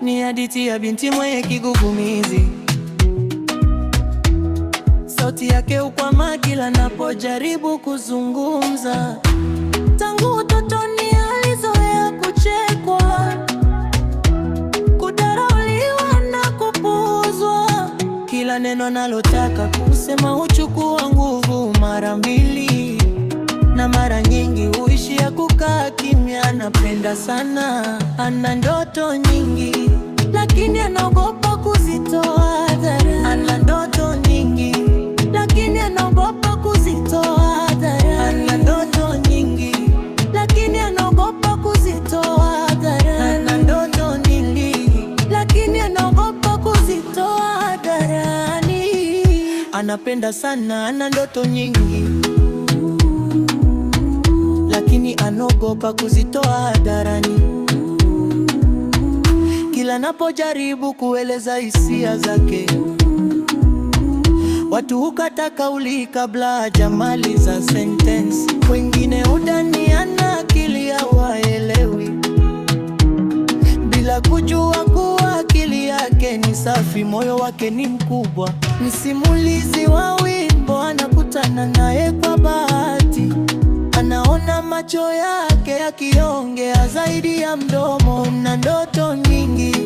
Ni hadithi ya binti mwenye kigugumizi, sauti yake ukwama kila napojaribu kuzungumza. neno nalotaka kusema huchukua nguvu mara mbili, na mara nyingi huishia kukaa kimya. Anapenda sana, ana ndoto nyingi, lakini anaogopa anapenda sana, ana ndoto nyingi, lakini anogopa kuzitoa hadharani. Kila napojaribu kueleza hisia zake, watu hukata kauli kabla hajamaliza sentensi. Wengine udaniana akili hawaelewi bila kujua ni safi, moyo wake ni mkubwa. Msimulizi wa wimbo anakutana naye kwa bahati, anaona macho yake yakiongea zaidi ya mdomo. Una ndoto nyingi,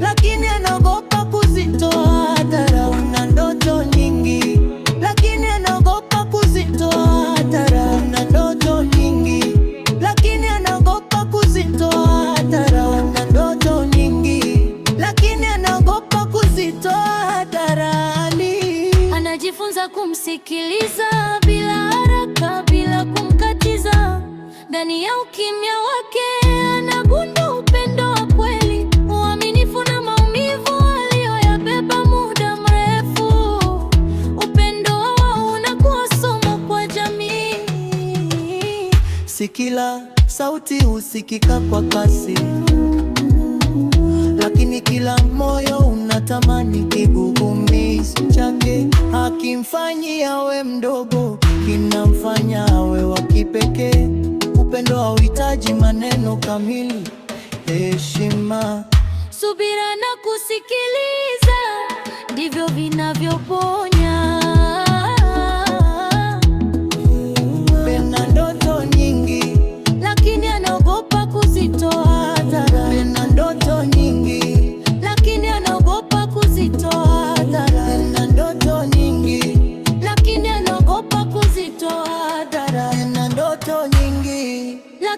lakini anaogopa kuzitoa hadharani, anajifunza kumsikiliza bila haraka, bila kumkatiza. Ndani ya ukimya wake anagundua upendo wa kweli, uaminifu na maumivu aliyoyabeba muda mrefu. Upendo wao unakuwa somo kwa jamii. Si kila sauti husikika kwa kasi, lakini kila moyo Hakimfanyi awe mdogo, kinamfanya awe wa kipekee. Upendo hauhitaji maneno kamili, heshima, subira na kusikiliza ndivyo vinavyoponya.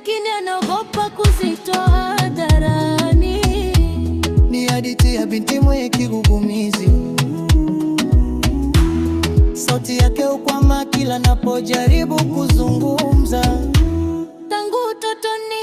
lakini anaogopa kuzitoa hadharani. Ni hadithi ya binti mwenye kigugumizi, sauti yake ukwama kila napojaribu kuzungumza. Tangu utotoni